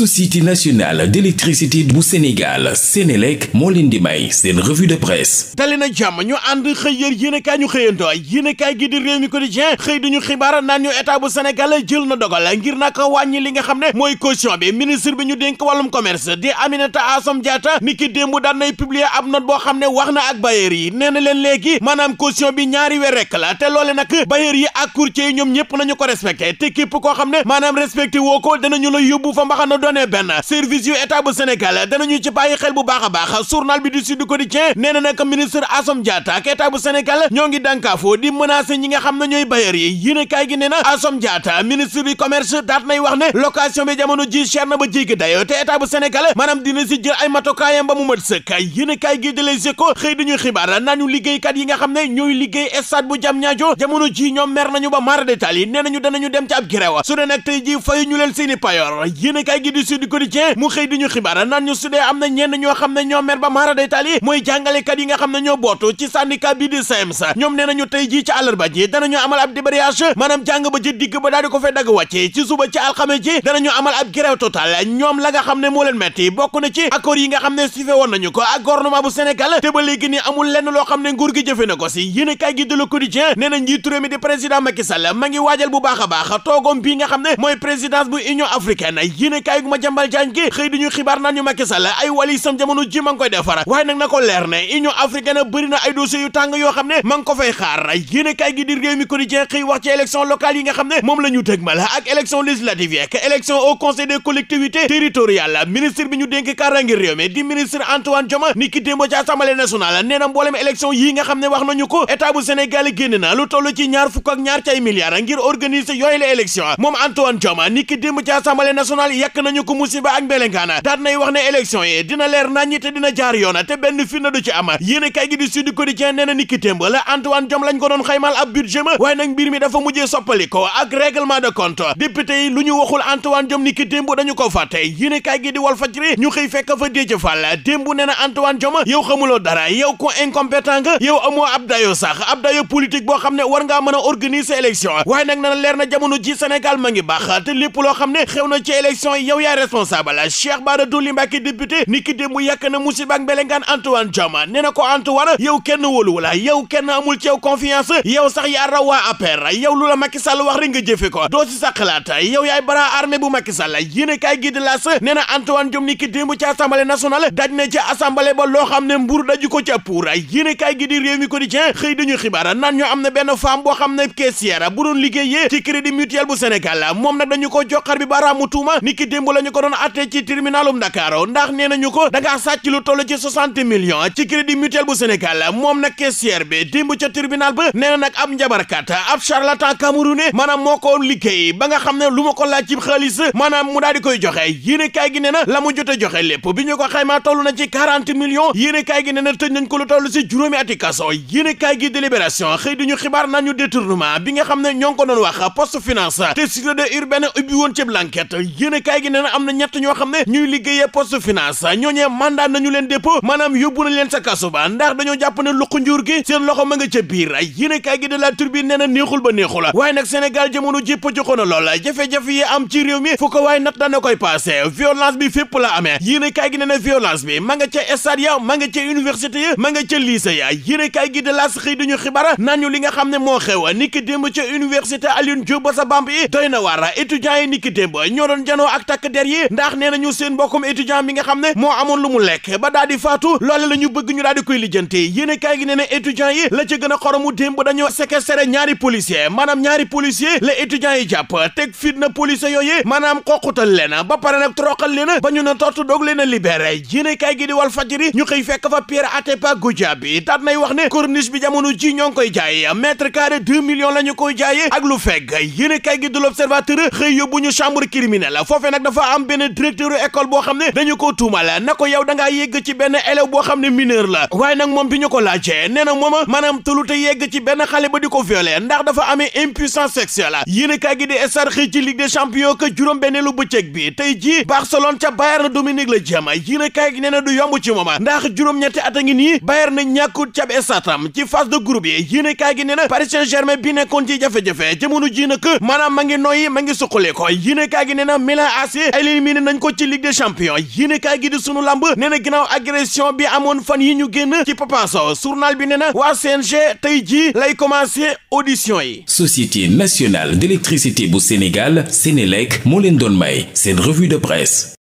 société nationale d'électricité bu Sénégal Sénélec moo leen di may seen revue de presse dali jàmm ñu ànd xëy yér yéenekaay ñu xëyantoo yéenekaay gi di Rewmi Quotidien xëy dañu xibaar naan ñu état bu Sénégal jël na dogal ngir naka wàññi li nga xam ne mooy caution bi ministre bi ñu dénk wàllum commerce di Aminata Assome Diatta ni ki démb daan nay publier ab note boo xam ne wax na ak bailleur yi nee na leen léegi maanaam caution bi ñaari weer rek la te loole nag bailleur yi doonee benn service yu état bu Sénégal danañu ci bàyyi xel bu baax a baax journal bi du Sud Quotidien nee na nag ministre Assome Diatta ak état bu Sénégal ñoo ngi dànkaafoo di menacer ñi nga xam na ñooy bailleurs yi yéen gi nee na Assome Diatta ministre du commerce daat nay wax ne location bi jamono ji cher na ba jéggi dayo te état bu Sénégal maanaam dina si jël ay matukaayam ba mu mat sëkk yéen kaay gi di Les Échos xëy dañuy xibaar nañu liggéeykat yi nga xam ne ñooy liggéey stade bu Diamniadio jamono ji ñoom mer nañu ba mara détail yi nee nañu danañu dem ñu leen seeni payoor yéen kaay gi gi di Sud Quotidien mu xëy di ñu xibaar ñu sudee am na ñenn ñoo xam ne ñoo mer ba maara day mooy jàngalekat yi nga xam ne ñoo bootu ci syndicat bi di SAEMS ñoom nee nañu tey jii ci àllarba ji danañu amal ab débrayage maanaam jàng ba ci digg ba daal ko fay dagg wàcce ci suba ci alxames ji danañu amal ab grève total ñoom la nga xam ne moo leen metti bokk na ci accord yi nga xam ne suivé woon nañu ko ak gouvernement bu Sénégal te ba léegi a kaay yéenekaay gu ma jàmbal jaañ gi xëy duñu xibaar naan ñu Macky Sall ay wàll yi sam ji ma ngi koy defar waaye nag na ko leer ne Union africaine bëri na ay dossiers yu tàng yoo xam ne ma ngi fay xaar yéenekaay gi di réew mi quotidien xëy wax ci élection locale yi nga xam ne moom la ñu tëgmal ak élection législative yeek élection au conseil des collectivités territoriales ministre bi ñu dénk kaaraange réew mi di ministre Antoine Diome ni ki démb ci assemblée nationale nañu ko musiba ak mbelenkaana daat nay wax ne élection yi dina leer nañ te dina jaar yoona te benn firnde du ci am yéen kay gi di Sud Quotidien nee niki témb la Antoine Diome lañ ko doon xaymal ab budget ma waaye nag mbir mi dafa mujjee soppali ko ak règlement de compte député lu ñu waxul Antoine Diome niki témb dañu ko fàtte yéen kay gi di Walfadjri ñu xëy fekk fa Déthié Fall démb nee na Antoine Diome yow xamuloo dara yow ko incompétent nga yow amoo ab dayo sax boo xam ne war ngaa mën a organiser élection waaye na leer na jamono ji Sénégal ma ngi baax te lépp loo xam ne xew na ci élection yow yow yaa responsable Cheikh Bara Dolly Mbacké député ni ki démb yàkk na musiba ak Antoine Diome nee ko Antoine yow kenn wóolu wala yow kenn amul ci yow confiance yow sax yaa waa APR yow lu la Macky Sall wax jëfe ko doo si sa xalaat yow yaay bras armé bu Macky Sall yéen a kaay gi di laas nee Antoine Diome ni ki démb ci assemblée nationale daj na ci assemblée ba loo ne mbur daju ko ca pour yéen a kaay gi di réew mi dañu xibaar dong la ñu ko doon atte ci tribunalum Dakar ndax nee nañu ko dangaa sàcc lu toll ci soixante millions ci crédit mutuel bu Sénégal moom nag caissière bi démb ca tribunal ba nee na nag ab njabarkat ab charlatan camerounais maanaam moo ko liggéey ba nga xam ne lu ma ko laaj ci xaalis maanaam mu daal di koy joxe yéene kaay gi nee na la mu jote joxe lépp bi ñu ko xaymaa toll na ci quarante millions yéene kaay gi nee na tëj nañ ko lu toll si kaso yéene ne ñoo gi nee na am na ñett ñoo xam ne ñuy liggéeyee poste finance ñooñee mandat nañu leen dépôt maanaam yóbbu nañ leen sa kaso ndax dañoo jàpp ne luqu njuur gi seen loxo ma nga ca biir yéenekaay gi de La Tribune nee na neexul ba neexul waaye nag Sénégal jamono ji pëccoxoon na loola jafe-jafe yi am ci réew mi fu ko waaye nat daana koy passé violence bi fépp la amee yéenekaay gi gi de L'As xëy dañu xibaar naan li nga xam ne moo xew ni ki démb ca université Alioune Diop der yi ndax nee nañu seen mbokkum étudiant bi nga xam ne moo amoon lu mu lekk ba daal di faatu loole la ñu bëgg ñu daal di koy lijjanti yéen kaay gi nee na étudiant yi la ca gën a xoromu démb dañoo séquestré ñaari policier maanaam ñaari policier la étudiant yi jàpp teg fitna policier yooyu maanaam xoqutal leen ba pare nag troqal leen ba ñu ne tortu doog leen a libéré gi di wal fajiri ñu xëy fekk fa Pierre Atepa Goudiaby daat nay wax ne corniche bi jamono dafa am benn directeur école boo xam ne dañu ko tuumal na ko yow da ngaa ci benn élève boo xam ne mineur la waaye nag moom bi ñu ko laajee nee na moom maanaam tulu te yegg ci benn xale ba di ko violer ndax dafa amee impuissance sexuelle yéen a kaay gi di star xëy ci ligue des champions que juróom-benneelu bëccëg bi tey jii Barcelone ca Bayern Dominique la jéem yéen a kaay gi na du yomb ci moom ndax juróom-ñetti at a ngi nii Bayern na ñàkkut cab yi yéen a kaay gi nee na Paris Saint-Germain bi nekkoon ci jafe-jafe jamono ma ngi noyyi ma ngi suqale a kaay éliminé nañ ko ci Ligue des champions yéen kaay gi di sunu lamb nee na ginnaaw agression bi amoon fan yi ñu génn ci Papa Sow bi nee na waa CNG tey jii lay commencé audition yi. Société nationale d'électricité bu Sénégal Sénélec moo leen doon may seen revue de presse.